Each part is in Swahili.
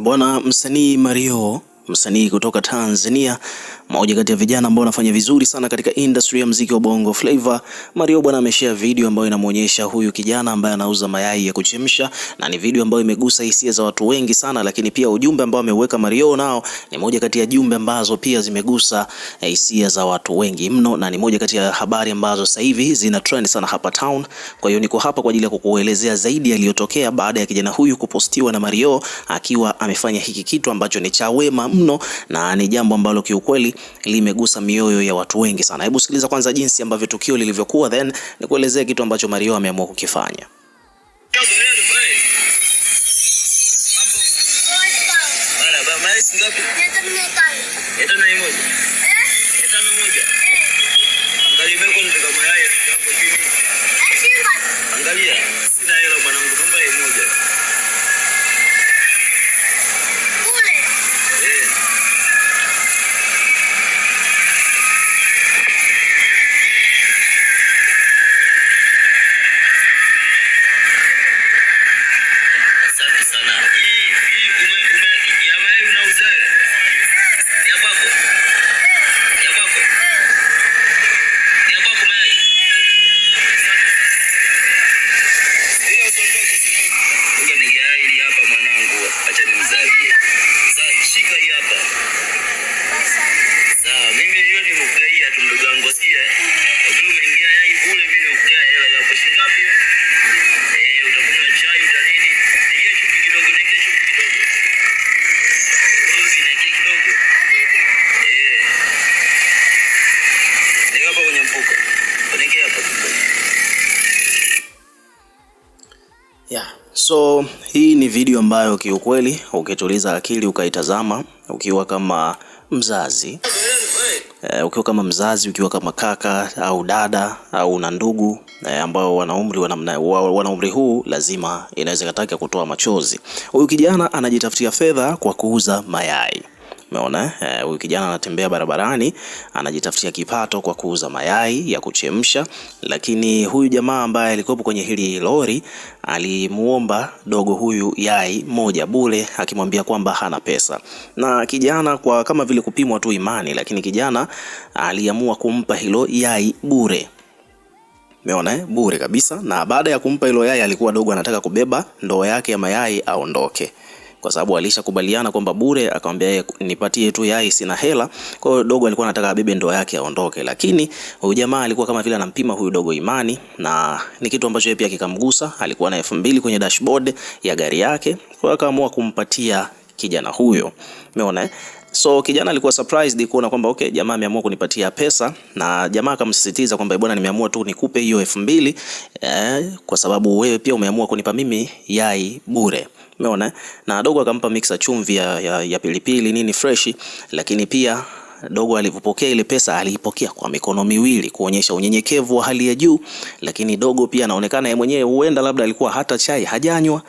Bwana msanii Mario msanii kutoka Tanzania, mmoja kati ya vijana ambao wanafanya vizuri sana katika industry ya mziki wa Bongo Flava. Mario bwana ameshare video ambayo inamuonyesha huyu kijana ambaye anauza mayai ya kuchemsha, na ni video ambayo imegusa hisia za watu wengi sana, lakini pia ujumbe ambao ameweka Mario nao ni moja kati ya jumbe ambazo pia zimegusa eh, hisia za watu wengi mno, na ni moja kati ya habari ambazo sasa hivi zina trend sana hapa town. Kwa hiyo niko hapa kwa ajili ya kukuelezea zaidi yaliyotokea baada ya kijana huyu kupostiwa na Mario akiwa amefanya hiki kitu ambacho ni cha wema mno na ni jambo ambalo kiukweli limegusa mioyo ya watu wengi sana. Hebu sikiliza kwanza jinsi ambavyo tukio lilivyokuwa, then nikuelezee kitu ambacho Mario ameamua kukifanya. So hii ni video ambayo kiukweli ukituliza akili ukaitazama ukiwa kama mzazi uh, ukiwa kama mzazi ukiwa kama kaka au dada au na ndugu uh, ambao wana umri wana umri huu, lazima inaweza kataka kutoa machozi. Huyu kijana anajitafutia fedha kwa kuuza mayai. Umeona eh, huyu kijana anatembea barabarani anajitafutia kipato kwa kuuza mayai ya kuchemsha, lakini huyu jamaa ambaye alikuwepo kwenye hili lori alimuomba dogo huyu yai moja bure, akimwambia kwamba hana pesa. Na kijana kwa kama vile kupimwa tu imani, lakini kijana aliamua kumpa hilo yai bure. Umeona eh? bure kabisa. Na baada ya kumpa hilo yai, alikuwa dogo anataka kubeba ndoo yake ya mayai aondoke kwa sababu alishakubaliana kwamba bure, akamwambia yeye nipatie tu yai, sina hela. Kwa hiyo dogo alikuwa anataka abebe ndoa yake aondoke, lakini huyu jamaa alikuwa kama vile anampima huyu dogo imani, na ni kitu ambacho yeye pia kikamgusa. Alikuwa na elfu mbili kwenye dashboard ya gari yake, kwa akaamua kumpatia kijana huyo, umeona eh? So kijana alikuwa surprised kuona kwamba okay, jamaa ameamua kunipatia pesa, na jamaa akamsisitiza kwamba bwana, nimeamua tu nikupe hiyo elfu mbili eh, kwa sababu wewe pia umeamua kunipa mimi yai bure. Umeona, na dogo akampa mixer chumvi ya, ya, ya pilipili nini fresh, lakini pia dogo alipopokea ile pesa aliipokea kwa mikono miwili kuonyesha unyenyekevu wa hali ya juu, lakini dogo pia anaonekana yeye mwenyewe huenda labda alikuwa hata chai hajanywa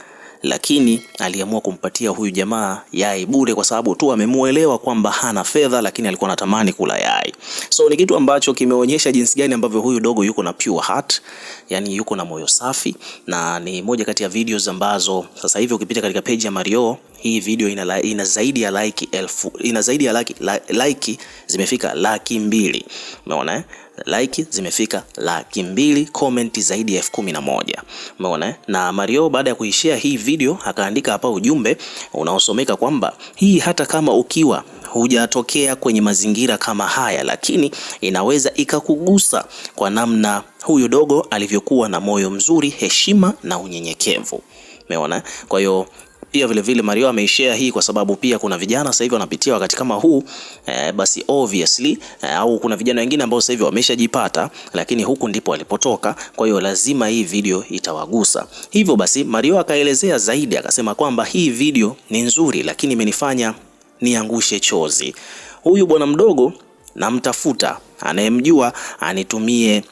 lakini aliamua kumpatia huyu jamaa yai bure kwa sababu tu amemuelewa kwamba hana fedha, lakini alikuwa anatamani kula yai. So ni kitu ambacho kimeonyesha jinsi gani ambavyo huyu dogo yuko na pure heart, yani yuko na moyo safi, na ni moja kati ya videos ambazo sasa hivi ukipita katika page ya Mario hii video ina, ina zaidi ya like elfu, ina zaidi ya like, like, like zimefika laki mbili. Umeona eh? like zimefika laki mbili, comment zaidi ya elfu kumi na moja. Umeona eh? na Mario baada ya kuishia hii video akaandika hapa ujumbe unaosomeka kwamba hii hata kama ukiwa hujatokea kwenye mazingira kama haya, lakini inaweza ikakugusa kwa namna huyu dogo alivyokuwa na moyo mzuri, heshima na unyenyekevu. Umeona, eh? kwa hiyo pia vile vile Mario ameishare hii kwa sababu pia kuna vijana sasa hivi wanapitia wakati kama huu eh, basi obviously eh, au kuna vijana wengine ambao sasa hivi wameshajipata, lakini huku ndipo walipotoka. Kwa hiyo lazima hii video itawagusa. Hivyo basi Mario akaelezea zaidi, akasema kwamba hii video ni nzuri, lakini imenifanya niangushe chozi. Huyu bwana mdogo namtafuta, anayemjua anitumie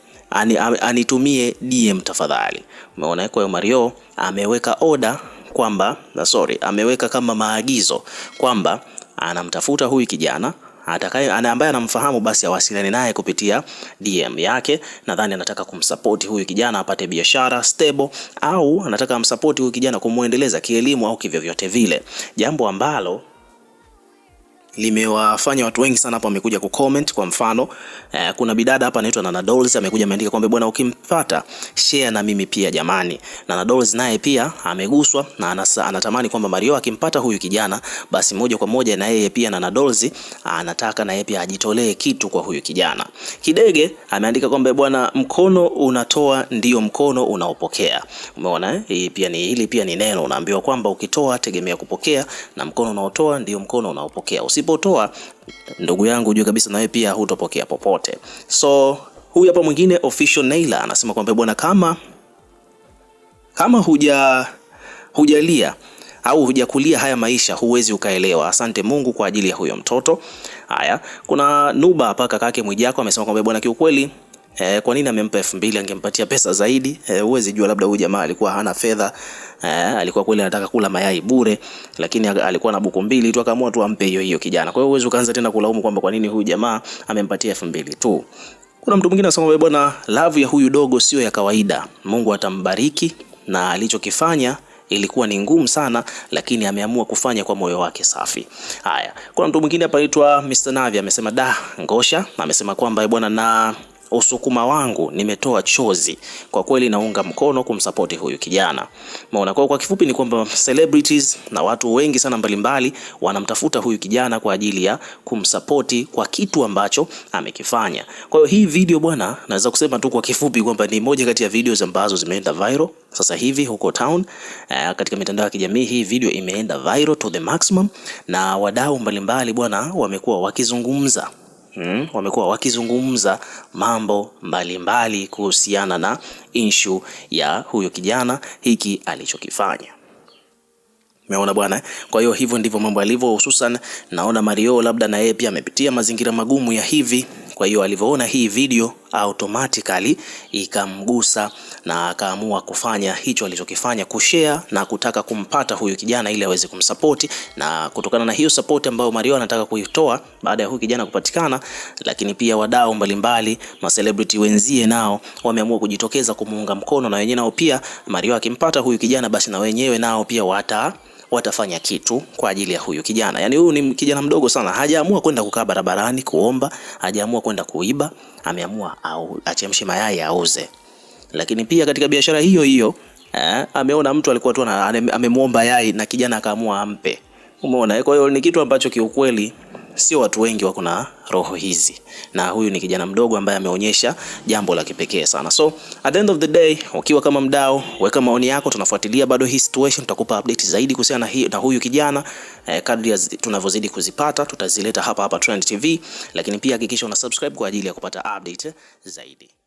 anitumie DM tafadhali. Umeona, kwa hiyo Mario ameweka oda kwamba sorry, ameweka kama maagizo kwamba anamtafuta huyu kijana atakaye ambaye anamfahamu basi awasiliane naye kupitia DM yake. Nadhani anataka kumsapoti huyu kijana apate biashara stable, au anataka amsapoti huyu kijana kumwendeleza kielimu au kivyovyote vile, jambo ambalo limewafanya watu wengi sana hapa wamekuja kucomment. Kwa mfano eh, kuna bidada hapa anaitwa Nana Dolls amekuja ameandika kwamba bwana, ukimpata share na mimi pia jamani. Nana Dolls naye pia ameguswa na anasa, anatamani kwamba Mario akimpata huyu kijana basi moja kwa moja na yeye pia Nana Dolls anataka na yeye pia ajitolee kitu kwa huyu kijana. Kidege ameandika kwamba bwana, mkono unatoa ndio mkono unaopokea. Umeona eh? hii pia ni hili pia ni neno unaambiwa kwamba ukitoa tegemea kupokea na mkono unaotoa ndio mkono unaopokea. Usi usipotoa ndugu yangu, ujue kabisa na wewe pia hutopokea popote. So huyu hapa mwingine official Naila anasema kwamba bwana, kama kama huja hujalia au hujakulia haya maisha huwezi ukaelewa. Asante Mungu kwa ajili ya huyo mtoto. Haya, kuna Nuba hapa, kakake Mwijako amesema kwamba bwana, kiukweli E, kwa nini amempa elfu mbili? Angempatia pesa zaidi. Eh, huwezi e, jua, labda huyu jamaa alikuwa hana fedha e, alikuwa kweli anataka kula mayai bure, lakini alikuwa na buku mbili tu, akaamua tu ampe hiyo hiyo kijana. Kwa hiyo huwezi ukaanza tena kulaumu kwamba kwa nini huyu jamaa amempatia elfu mbili tu. Kuna mtu mwingine anasema bwana, love ya huyu dogo sio ya kawaida, Mungu atambariki na alichokifanya ilikuwa ni ngumu sana lakini ameamua kufanya kwa moyo wake safi. Haya, kuna mtu mwingine hapa anaitwa Mr Navi amesema da ngosha, amesema kwamba bwana na usukuma wangu nimetoa chozi. Kwa kweli naunga mkono kumsapoti huyu kijana maana, kwa kifupi ni kwamba celebrities na watu wengi sana mbalimbali wanamtafuta huyu kijana kwa ajili ya kumsapoti kwa kitu ambacho amekifanya. Kwa hiyo hii video bwana, naweza kusema tu kwa kifupi kwamba ni moja kati ya videos ambazo zimeenda viral sasa hivi huko town, uh, katika mitandao ya kijamii. Hii video imeenda viral to the maximum na wadau mbalimbali bwana, wamekuwa wakizungumza hmm, wamekuwa wakizungumza mambo mbalimbali kuhusiana na inshu ya huyo kijana hiki alichokifanya. Umeona bwana. Kwa hiyo hivyo ndivyo mambo yalivyo, hususan naona Mario labda na yeye pia amepitia mazingira magumu ya hivi kwa hiyo alivyoona hii video automatically ikamgusa na akaamua kufanya hicho alichokifanya, kushare na kutaka kumpata huyu kijana ili aweze kumsapoti, na kutokana na hiyo support ambayo Mario anataka kuitoa baada ya huyu kijana kupatikana, lakini pia wadau mbalimbali, ma celebrity wenzie nao wameamua kujitokeza kumuunga mkono, na wenyewe nao pia Mario akimpata huyu kijana, basi na wenyewe nao pia wata watafanya kitu kwa ajili ya huyu kijana. Yaani huyu ni kijana mdogo sana, hajaamua kwenda kukaa barabarani kuomba, hajaamua kwenda kuiba, ameamua au achemshe mayai auze. Lakini pia katika biashara hiyo hiyo eh, ameona mtu alikuwa tu amemwomba yai na kijana akaamua ampe. Umeona? Kwa hiyo ni kitu ambacho kiukweli sio watu wengi wako na roho hizi, na huyu ni kijana mdogo ambaye ameonyesha jambo la kipekee sana. So at the end of the day, ukiwa kama mdau, weka maoni yako. Tunafuatilia bado hii situation, tutakupa update zaidi kuhusiana na huyu kijana eh, kadri tunavyozidi kuzipata tutazileta hapa hapa Trend TV, lakini pia hakikisha una subscribe kwa ajili ya kupata update zaidi.